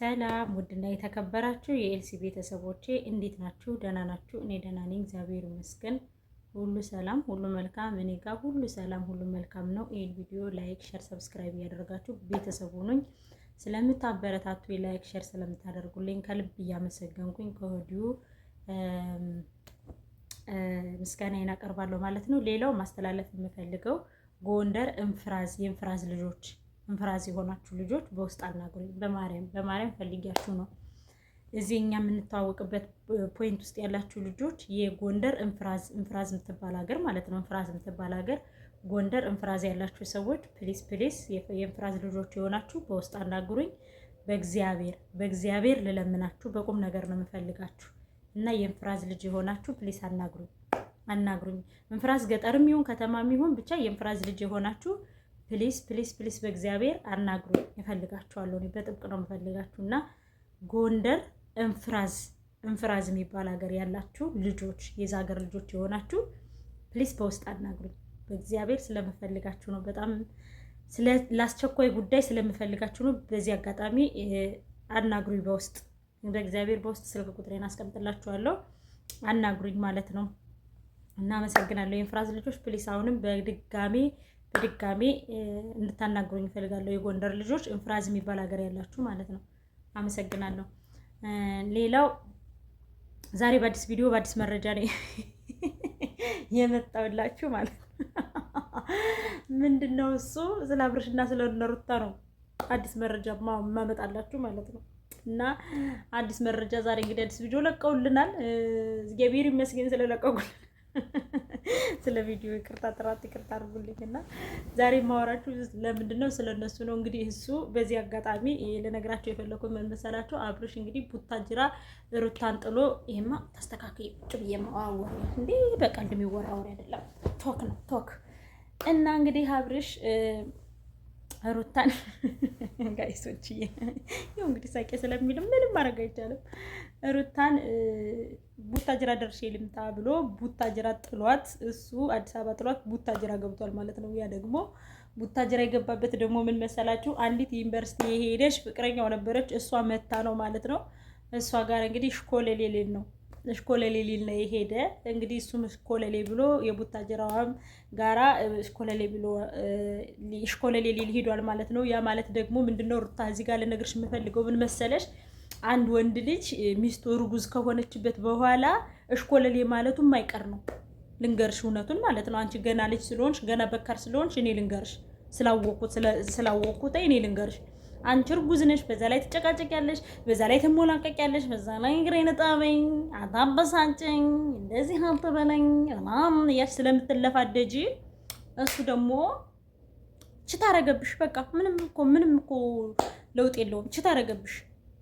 ሰላም ውድና የተከበራችሁ የኤልሲ ቤተሰቦቼ እንዴት ናችሁ? ደህና ናችሁ? እኔ ደህና ነኝ፣ እግዚአብሔር ይመስገን። ሁሉ ሰላም፣ ሁሉ መልካም፣ እኔ ጋር ሁሉ ሰላም፣ ሁሉ መልካም ነው። ይህን ቪዲዮ ላይክ፣ ሸር፣ ሰብስክራይብ እያደረጋችሁ ቤተሰቡ ነኝ ስለምታበረታቱ ላይክ፣ ሸር ስለምታደርጉልኝ ከልብ እያመሰገንኩኝ ከወዲሁ ምስጋናዬን አቀርባለሁ ማለት ነው። ሌላው ማስተላለፍ የምፈልገው ጎንደር እንፍራዝ የእንፍራዝ ልጆች እንፍራዝ የሆናችሁ ልጆች በውስጥ አናግሩኝ። በማርያም በማርያም ፈልጊያችሁ ነው። እዚህ እኛ የምንተዋወቅበት ፖይንት ውስጥ ያላችሁ ልጆች የጎንደር እንፍራዝ እንፍራዝ የምትባል ሀገር ማለት ነው። እንፍራዝ የምትባል ሀገር ጎንደር እንፍራዝ ያላችሁ ሰዎች ፕሊስ ፕሊስ፣ የእንፍራዝ ልጆች የሆናችሁ በውስጥ አናግሩኝ። በእግዚአብሔር በእግዚአብሔር ልለምናችሁ፣ በቁም ነገር ነው የምፈልጋችሁ እና የእንፍራዝ ልጅ የሆናችሁ ፕሊስ አናግሩኝ አናግሩኝ። እንፍራዝ ገጠርም ይሁን ከተማም ይሁን ብቻ የእንፍራዝ ልጅ የሆናችሁ ፕሊስ ፕሊስ ፕሊስ በእግዚአብሔር አናግሩ፣ እፈልጋችኋለሁ። በጥብቅ ነው የምፈልጋችሁ እና ጎንደር እንፍራዝ እንፍራዝ የሚባል ሀገር ያላችሁ ልጆች የዛ ሀገር ልጆች የሆናችሁ ፕሊስ በውስጥ አናግሩኝ። በእግዚአብሔር ስለምፈልጋችሁ ነው። በጣም ለአስቸኳይ ጉዳይ ስለምፈልጋችሁ ነው። በዚህ አጋጣሚ አናግሩኝ በውስጥ በእግዚአብሔር በውስጥ ስልክ ቁጥሬን አስቀምጥላችኋለሁ። አናግሩኝ ማለት ነው። እናመሰግናለሁ። የእንፍራዝ ልጆች ፕሊስ አሁንም በድጋሜ በድጋሜ እንድታናግሩኝ እፈልጋለሁ። የጎንደር ልጆች እንፍራዝ የሚባል ሀገር ያላችሁ ማለት ነው። አመሰግናለሁ። ሌላው ዛሬ በአዲስ ቪዲዮ በአዲስ መረጃ ነው የመጣውላችሁ ማለት ነው። ምንድን ነው እሱ? ስለ አብርሽና ስለ ነሩታ ነው አዲስ መረጃ ማመጣላችሁ ማለት ነው። እና አዲስ መረጃ ዛሬ እንግዲህ አዲስ ቪዲዮ ለቀውልናል። እግዚአብሔር ይመስገን ስለለቀቁልን ስለ ቪዲዮ ይቅርታ፣ ጥራት ይቅርታ አድርጉልኝና ዛሬ ማወራችሁ ለምንድን ነው? ስለ እነሱ ነው። እንግዲህ እሱ በዚህ አጋጣሚ ልነግራቸው የፈለኩት ምን መሰላችሁ? አብርሽ እንግዲህ ቡታጅራ ሩታን ጥሎ ይሄማ ተስተካክል ቁጭ ብዬ ማዋወር እንዴ፣ በቃ እንደሚወራ ወሬ አይደለም፣ ቶክ ነው ቶክ እና እንግዲህ አብርሽ ሩታን ጋይሶች ይኸው እንግዲህ ሳቄ ስለሚልም ምንም ማድረግ አይቻልም። ሩታን ቡታጅራ ደርሼ ልምጣ ብሎ ቡታጅራ ጥሏት እሱ አዲስ አበባ ጥሏት ቡታጅራ ገብቷል ማለት ነው። ያ ደግሞ ቡታጅራ የገባበት ደግሞ ምን መሰላችሁ? አንዲት ዩኒቨርሲቲ የሄደች ፍቅረኛው ነበረች እሷ መታ ነው ማለት ነው። እሷ ጋር እንግዲህ ሽኮሌሌሌን ነው እሽኮለሌ ሊል ነው የሄደ። እንግዲህ እሱም እሽኮለሌ ብሎ የቡታጀራዋም ጋራ እሽኮለሌ ብሎ እሽኮለሌ ሊል ሄዷል ማለት ነው። ያ ማለት ደግሞ ምንድነው? ሩታ እዚህ ጋር ልነግርሽ የምፈልገው ምን መሰለሽ አንድ ወንድ ልጅ ሚስቱ እርጉዝ ከሆነችበት በኋላ እሽኮለሌ ማለቱ የማይቀር ነው። ልንገርሽ እውነቱን ማለት ነው። አንቺ ገና ልጅ ስለሆንሽ ገና በካር ስለሆንሽ እኔ ልንገርሽ ስላወቅኩት ስላወቅኩት እኔ ልንገርሽ አንቺ እርጉዝ ነሽ፣ በዛ ላይ ትጨቃጨቂያለሽ፣ በዛ ላይ ትሞላቀቂያለሽ፣ በዛ ላይ እግሬን ጣበኝ፣ አታበሳጭኝ፣ እንደዚህ አትበለኝ ምናምን እያልሽ ስለምትለፋደጂ እሱ ደግሞ ችት አረገብሽ። በቃ ምንም እኮ ምንም እኮ ለውጥ የለውም። ችት አረገብሽ።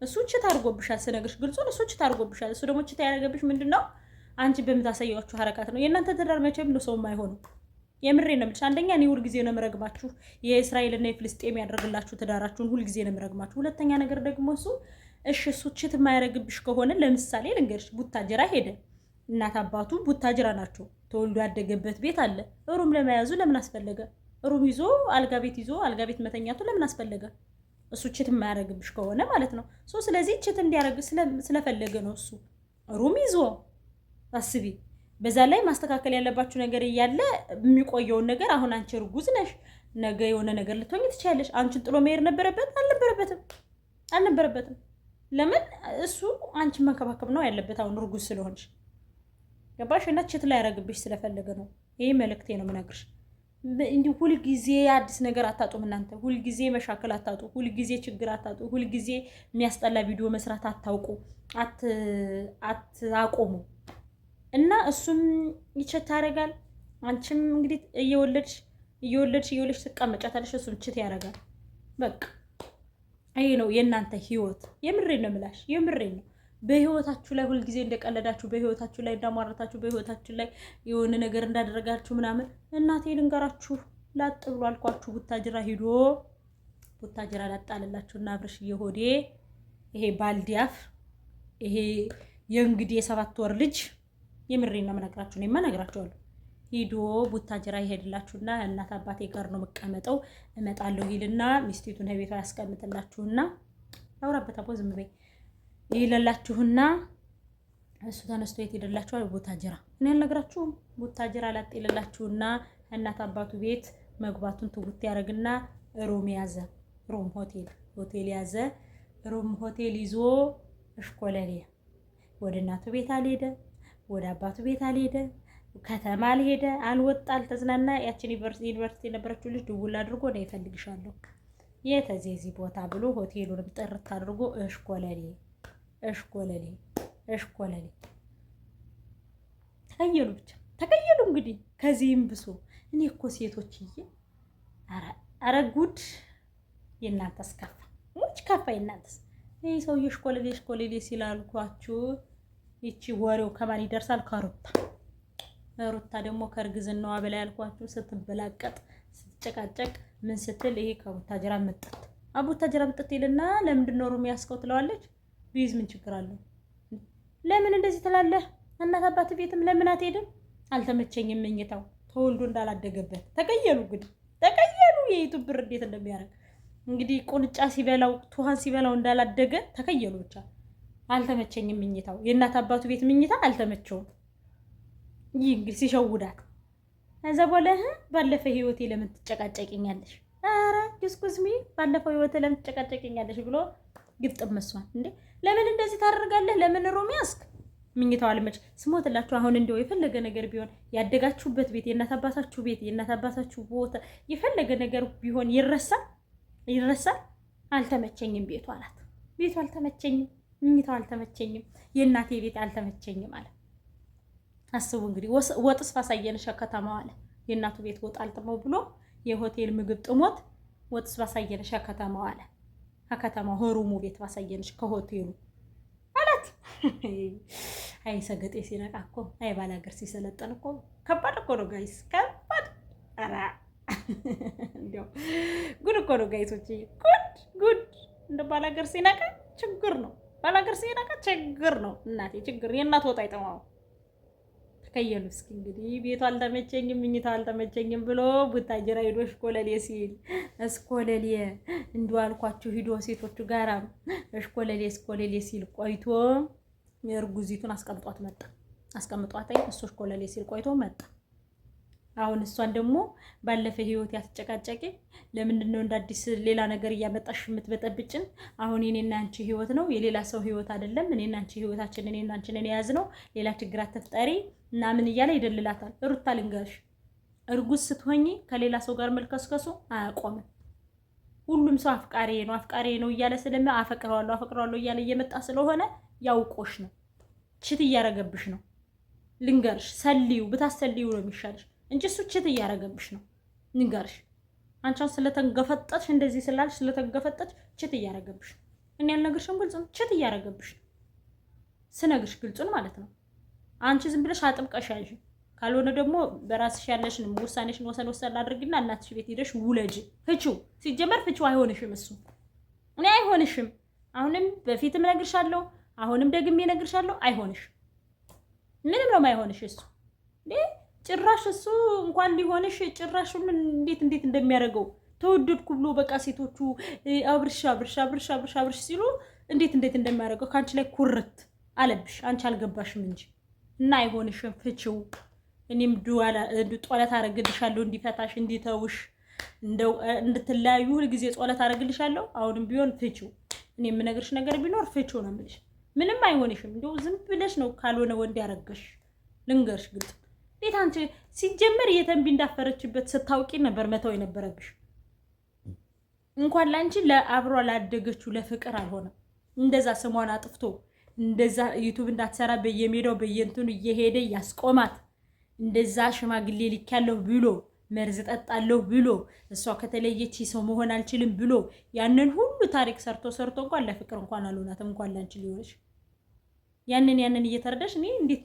እሱ ችት አድርጎብሻል። ስነግርሽ ግልጹን እሱ ችት አድርጎብሻል። እሱ ደግሞ ችት ያረገብሽ ምንድን ነው? አንቺ በምታሳያችሁ ሀረካት ነው። የእናንተ ትዳር መቼም ነው ሰው አይሆንም። የምሬ ነው አንደኛ እኔ ሁልጊዜ ነው የምረግማችሁ፣ የእስራኤልና የፍልስጤም ያደርግላችሁ ትዳራችሁን፣ ሁልጊዜ ነው የምረግማችሁ። ሁለተኛ ነገር ደግሞ እሱ እሺ እሱ ችት የማያደርግብሽ ከሆነ ለምሳሌ ልንገርሽ፣ ቡታጅራ ሄደ። እናት አባቱ ቡታጅራ ናቸው። ተወልዶ ያደገበት ቤት አለ። ሩም ለመያዙ ለምን አስፈለገ? ሩም ይዞ አልጋ ቤት ይዞ አልጋ ቤት መተኛቱ ለምን አስፈለገ? እሱ ችት የማያደርግብሽ ከሆነ ማለት ነው። ስለዚህ ችት እንዲያደርግ ስለፈለገ ነው እሱ ሩም ይዞ አስቢ በዛ ላይ ማስተካከል ያለባችሁ ነገር እያለ የሚቆየውን ነገር አሁን አንቺ እርጉዝ ነሽ፣ ነገ የሆነ ነገር ልትሆኝ ትችያለሽ። አንቺን ጥሎ መሄድ ነበረበት አልነበረበትም? አልነበረበትም። ለምን እሱ አንቺን መንከባከብ ነው ያለበት፣ አሁን እርጉዝ ስለሆንሽ ገባሽ? እና ችት ላይ ያረግብሽ ስለፈለገ ነው። ይህ መልእክቴ ነው የምነግርሽ። እንዲ ሁልጊዜ አዲስ ነገር አታጡም እናንተ። ሁልጊዜ መሻከል አታጡ፣ ሁልጊዜ ችግር አታጡ፣ ሁልጊዜ የሚያስጠላ ቪዲዮ መስራት አታውቁ፣ አታቆሙ። እና እሱም ይቸት ያደርጋል። አንቺም እንግዲህ እየወለድሽ እየወለድሽ እየወለድሽ ትቀመጫታለሽ፣ እሱም ችት ያደርጋል። በቃ ይሄ ነው የእናንተ ህይወት። የምሬ ነው ምላሽ፣ የምሬ ነው። በህይወታችሁ ላይ ሁልጊዜ እንደቀለዳችሁ፣ በህይወታችሁ ላይ እንዳሟረታችሁ በህይወታችሁ ላይ የሆነ ነገር እንዳደረጋችሁ ምናምን። እናቴ ልንገራችሁ፣ ላጥ ብሎ አልኳችሁ። ቡታጅራ ሂዶ ቡታጅራ ላጣለላችሁ እና አብርሽ እየሆዴ ይሄ ባልዲያፍ ይሄ የእንግዲህ የሰባት ወር ልጅ የምሬና መነግራችሁ እኔማ እነግራችኋለሁ። ሂዶ ቡታጅራ ይሄድላችሁና እናት አባቴ ጋር ነው መቀመጠው እመጣለሁ ይልና ሚስቲቱን ቤቷ ያስቀምጥላችሁና ላውራበት አቦ ዝም በይ ይለላችሁና እሱ ተነስቶ የት ይሄድላችኋል? ቡታጅራ። እኔ አልነግራችሁም። ቡታጅራ ላጤ ይለላችሁና እናት አባቱ ቤት መግባቱን ትውት ያደርግና ሩም ያዘ። ሩም ሆቴል ሆቴል ያዘ። ሩም ሆቴል ይዞ እሽኮለሌ ወደ እናቱ ቤት አልሄደ ወደ አባቱ ቤት አልሄደ፣ ከተማ አልሄደ፣ አልወጣ፣ አልተዝናና። ያችን ዩኒቨርሲቲ የነበረችው ልጅ ድውል አድርጎ ነው ይፈልግሻለሁ የተዚህ ቦታ ብሎ ሆቴሉንም ጥርት አድርጎ እሽኮለሌ እሽኮለሌ እሽኮለሌ ተቀየሉ ብቻ ተቀየሉ። እንግዲህ ከዚህም ብሶ እኔ እኮ ሴቶችዬ፣ ኧረ ጉድ የእናንተስ ከፋ፣ ሙች ከፋ የእናንተስ። ይህ ሰውዬ እሽኮለሌ እሽኮለሌ ሲላልኳችሁ ይቺ ወሬው ከማን ይደርሳል? ከሩታ ሩታ ደግሞ ከእርግዝናዋ በላይ ያልኳችሁ ስትበላቀጥ ስትጨቃጨቅ ምን ስትል ይሄ ከቡታጅራ መጠት አቡታጅራ መጠት ይልና ለምንድን ነው ሩም ያስከው ትለዋለች። ቢዝ ምን ችግር አለው? ለምን እንደዚህ ትላለህ? እናት አባት ቤትም ለምን አትሄድም? አልተመቸኝም። መኝታው ተወልዶ እንዳላደገበት ተቀየሉ። እንግዲህ ተቀየሉ የዩቱብ ብር እንዴት እንደሚያደርግ እንግዲህ ቁንጫ ሲበላው ቱሃን ሲበላው እንዳላደገ ተቀየሉ ብቻ አልተመቸኝም ምኝታው የእናት አባቱ ቤት ምኝታ አልተመቸውም። ይህ እንግዲህ ሲሸውዳት እዛ በለህ ባለፈ ህይወቴ ለምን ትጨቃጨቂኛለሽ? ኧረ ዲስኩዝሚ ባለፈው ህይወቴ ለምን ትጨቃጨቂኛለሽ ብሎ ግብጥም መስዋል እንዴ ለምን እንደዚህ ታደርጋለህ? ለምን ሮሚያስክ ምኝታው አልመች ስሞትላችሁ። አሁን እንደው የፈለገ ነገር ቢሆን ያደጋችሁበት ቤት የእናት አባታችሁ ቤት የእናት አባታችሁ ቦታ የፈለገ ነገር ቢሆን ይረሳል፣ ይረሳል። አልተመቸኝም ቤቱ አላት። ቤቱ አልተመቸኝም ምኝታው አልተመቸኝም፣ የእናቴ ቤት አልተመቸኝም አለ። አስቡ እንግዲህ ወጥስ ባሳየንሻ ከተማው አለ። የእናቱ ቤት ወጥ አልጥመው ብሎ የሆቴል ምግብ ጥሞት ወጥስ ባሳየንሻ ከተማው አለ። ከከተማው ሆሩሙ ቤት ባሳየንሽ ከሆቴሉ አላት። አይ ሰገጤ ሲነቃ እኮ አይ ባላገር ሲሰለጠን እኮ ከባድ እኮ ነው ጋይስ፣ ከባድ ኧረ እንዲያው ጉድ እኮ ነው ጋይሶች፣ ጉድ ጉድ እንደ ባላገር ሲነቃ ችግር ነው። ባላገር ሲነካ ችግር ነው እናቴ፣ ችግር የእናት ወጣ አይጠማው። ተከየሉ እስኪ እንግዲህ ቤቱ አልተመቸኝም፣ ምኝታ አልተመቸኝም ብሎ ቡታጅራ ሂዶ እሽኮለሌ ሲል እስኮለሌ እንዲ አልኳችሁ ሂዶ ሴቶቹ ጋራ እሽኮለሌ እስኮለሌ ሲል ቆይቶ እርጉዚቱን አስቀምጧት መጣ። አስቀምጧት እሱ እሽኮለሌ ሲል ቆይቶ መጣ። አሁን እሷን ደግሞ ባለፈ ህይወት ያስጨቃጨቂ ለምንድን ነው እንደ አዲስ ሌላ ነገር እያመጣሽ የምትበጠብጭን? አሁን የኔና አንቺ ህይወት ነው የሌላ ሰው ህይወት አይደለም። እኔና አንቺ ህይወታችን እኔና አንቺን የያዝ ነው። ሌላ ችግር አትፍጠሪ እና ምን እያለ ይደልላታል። ሩታ ልንገርሽ፣ እርጉዝ ስትሆኚ ከሌላ ሰው ጋር መልከስከሱ አያቆምም። ሁሉም ሰው አፍቃሪ ነው አፍቃሪ ነው እያለ ስለሚ አፈቅረዋለሁ አፈቅረዋለሁ እያለ እየመጣ ስለሆነ ያውቆሽ ነው። ችት እያረገብሽ ነው። ልንገርሽ፣ ሰልዩ ብታሰልዩ ነው የሚሻልሽ። እንጂ እሱ ችት እያደረገብሽ ነው። ንገርሽ አንቻን ስለተገፈጠች እንደዚህ ስላልሽ ስለተንገፈጠች ችት እያደረገብሽ ነው። እኔ ያልነግርሽም ግልጹን ችት እያደረገብሽ ነው። ስነግርሽ ግልጹን ማለት ነው። አንቺ ዝም ብለሽ አጥብቀሽ ያዥ። ካልሆነ ደግሞ በራስሽ ያለሽን ውሳኔሽን ወሰን ወሰን ላድርግና እናትሽ ቤት ሄደሽ ውለጅ። ፍቺው ሲጀመር ፍቺው አይሆንሽም። እሱ እኔ አይሆንሽም። አሁንም በፊትም ነግርሻለሁ፣ አሁንም ደግሜ ነግርሻለሁ። አይሆንሽ ምንም ነው ማይሆንሽ እሱ ጭራሽ እሱ እንኳን ሊሆንሽ ጭራሽ ሁሉን እንዴት እንዴት እንደሚያደርገው ተወደድኩ ብሎ በቃ ሴቶቹ አብርሽ አብርሽ አብርሽ አብርሽ አብርሽ ሲሉ እንዴት እንዴት እንደሚያደርገው ከአንቺ ላይ ኩርት አለብሽ። አንቺ አልገባሽም እንጂ እና አይሆንሽም፣ ፍቺው እኔም ጦለት አረግልሻለሁ እንዲፈታሽ እንዲተውሽ እንድትለያዩ ሁልጊዜ ጾለት አረግልሻለሁ። አሁንም ቢሆን ፍቺው እኔ የምነግርሽ ነገር ቢኖር ፍቺው ነው የምልሽ። ምንም አይሆንሽም። እንደው ዝም ብለሽ ነው ካልሆነ ወንድ ያረገሽ ልንገርሽ ግልጽ እንዴት አንቺ ሲጀመር እየተንቢ እንዳፈረችበት ስታውቂ ነበር መተው የነበረብሽ። እንኳን ለአንቺ ለአብሯ ላደገችው ለፍቅር አልሆነም። እንደዛ ስሟን አጥፍቶ እንደዛ ዩቱብ እንዳትሰራ በየሜዳው በየንቱን እየሄደ ያስቆማት እንደዛ ሽማግሌ ልኪያለሁ ብሎ መርዝ ጠጣለሁ ብሎ እሷ ከተለየች ሰው መሆን አልችልም ብሎ ያንን ሁሉ ታሪክ ሰርቶ ሰርቶ እንኳን ለፍቅር እንኳን አልሆናትም። እንኳን ላንቺ ሊሆንሽ ያንን ያንን እየተረዳሽ እኔ እንዴት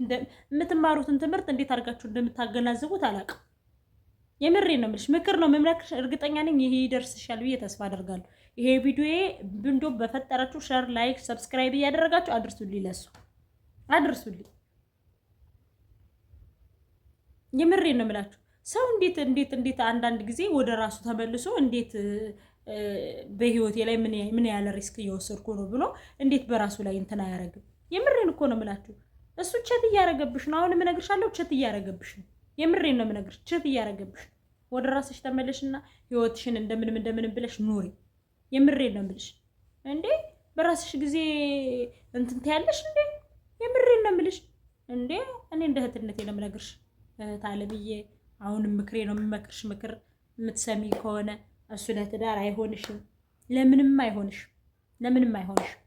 የምትማሩትን ትምህርት እንዴት አድርጋችሁ እንደምታገናዝቡት አላውቅም። የምሬ ነው የምልሽ፣ ምክር ነው የምመክርሽ። እርግጠኛ ነኝ ይሄ ይደርስሻል ብዬ ተስፋ አደርጋለሁ። ይሄ ቪዲዮዬ ብንዶ በፈጠራችሁ ሸር፣ ላይክ፣ ሰብስክራይብ እያደረጋችሁ አድርሱልኝ፣ ለሱ አድርሱልኝ። የምሬ ነው የምላችሁ። ሰው እንዴት እንዴት እንዴት አንዳንድ ጊዜ ወደ ራሱ ተመልሶ እንዴት በህይወቴ ላይ ምን ያለ ሪስክ እየወሰድኩ ነው ብሎ እንዴት በራሱ ላይ እንትን አያደርግም። የምሬን እኮ ነው የምላችሁ። እሱ ቸት እያረገብሽ ነው። አሁን የምነግርሻለሁ ቸት እያረገብሽ ነው። የምሬን ነው የምነግርሽ፣ ቸት እያረገብሽ ነው። ወደ ራስሽ ተመለሽና ህይወትሽን እንደምንም እንደምንም ብለሽ ኑሪ። የምሬን ነው የምልሽ። እንዴ በራስሽ ጊዜ እንትን ትያለሽ እንዴ? የምሬን ነው የምልሽ። እንዴ እኔ እንደ እህትነቴ ነው የምነግርሽ እህት አለብዬ። አሁንም ምክሬ ነው የምመክርሽ። ምክር የምትሰሚ ከሆነ እሱ ለትዳር አይሆንሽም፣ ለምንም አይሆንሽም፣ ለምንም አይሆንሽም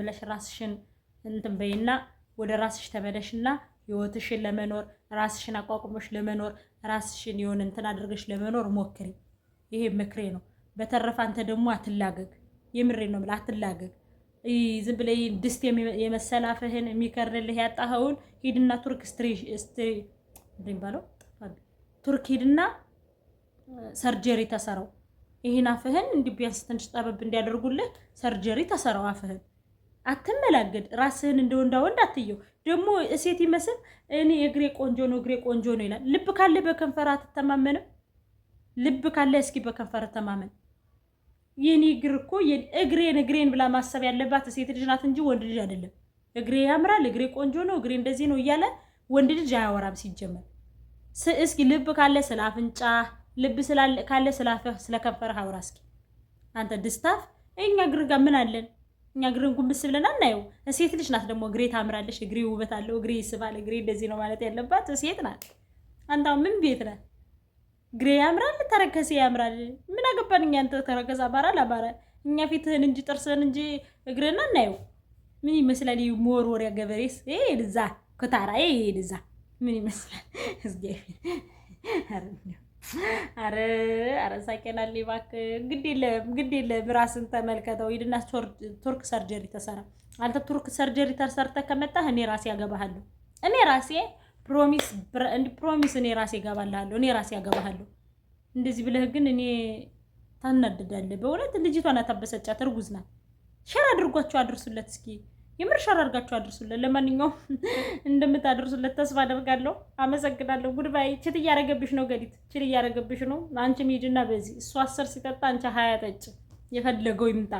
ብለሽ ራስሽን እንትን በይና ወደ ራስሽ ተመለሽና ህይወትሽን ለመኖር ራስሽን አቋቁመሽ ለመኖር ራስሽን የሆነ እንትን አድርገሽ ለመኖር ሞክሪ። ይሄ ምክሬ ነው። በተረፈ አንተ ደግሞ አትላገግ። የምሬ ነው ብላ አትላገግ። ዝም ብለህ ድስት የመሰላፍህን የሚከርንልህ ያጣኸውን ሂድና ቱርክ ስትሪ ስትሪ እንደሚባለው ቱርክ ሂድና ሰርጀሪ ተሰራው። ይህን አፍህን እንዲህ ቢያንስ ትንሽ ጠበብ እንዲያደርጉልህ ሰርጀሪ ተሰራው አፍህን አትመላገድ። ራስህን እንደ ወንዳ ወንድ አትየው። ደግሞ እሴት ይመስል እኔ እግሬ ቆንጆ ነው እግሬ ቆንጆ ነው ይላል። ልብ ካለ በከንፈር አትተማመንም? ልብ ካለ እስኪ በከንፈር ተማመን። የኔ እግር እኮ እግሬን እግሬን ብላ ማሰብ ያለባት ሴት ልጅ ናት እንጂ ወንድ ልጅ አይደለም። እግሬ ያምራል፣ እግሬ ቆንጆ ነው፣ እግሬ እንደዚህ ነው እያለ ወንድ ልጅ አያወራም ሲጀመር። እስኪ ልብ ካለ ስለ አፍንጫ፣ ልብ ካለ ስለ አፍህ ስለ ከንፈርህ አውራ እስኪ አንተ ድስታፍ። እኛ እግር ጋር ምን አለን? እኛ እግርን ጉንብስ ብለን አናየው። ሴት ልጅ ናት ደግሞ እግሬ ታምራለች፣ እግሬ ውበት አለው፣ እግሬ ይስባል፣ እግሬ እንደዚህ ነው ማለት ያለባት ሴት ናት። አንታው ምን ቤት ነህ? እግሬ ያምራል፣ ተረከሴ ያምራል። ምን አገባን እኛ አንተ ተረከዝ አማራ ለአማራ እኛ ፊትህን እንጂ ጥርስህን እንጂ እግርህን አናየው። ምን ይመስላል? መወርወሪያ ገበሬስ ይሄድ እዛ፣ ኩታራ ይሄድ እዛ ምን ይመስላል? አረ አረ ሳቄላል እባክህ። ግድ የለም ግድ የለም፣ ራስን ተመልከተው። ሂድና ቱርክ ሰርጀሪ ተሰራ። አንተ ቱርክ ሰርጀሪ ተሰርተ ከመጣህ እኔ ራሴ ያገባሃለሁ። እኔ ራሴ ፕሮሚስ እንድ ፕሮሚስ እኔ ራሴ እገባልሃለሁ። እኔ ራሴ ያገባሃለሁ። እንደዚህ ብለህ ግን እኔ ታናድዳለህ በእውነት። ልጅቷን አታበሰጫት፣ እርጉዝ ናት። ሼር አድርጓቸው አድርሱለት እስኪ የምርሻር አድርጋችሁ አድርሱልን። ለማንኛውም እንደምታደርሱለት ተስፋ አደርጋለሁ። አመሰግናለሁ። ጉድባይ። ችት እያደረገብሽ ነው ገዲት፣ ችት እያደረገብሽ ነው። አንቺም ሂጂና በዚህ እሱ አስር ሲጠጣ አንቺ ሀያ ጠጭ፣ የፈለገው ይምጣ።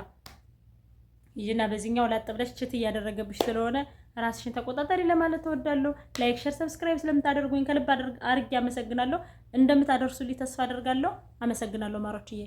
ሂጂና በዚህኛው ላጥ ብለሽ ችት እያደረገብሽ ስለሆነ ራስሽን ተቆጣጠሪ ለማለት ተወዳለሁ። ላይክ፣ ሸር፣ ሰብስክራይብ ስለምታደርጉኝ ከልብ አድርጌ አመሰግናለሁ። እንደምታደርሱልኝ ተስፋ አደርጋለሁ። አመሰግናለሁ ማሮችዬ።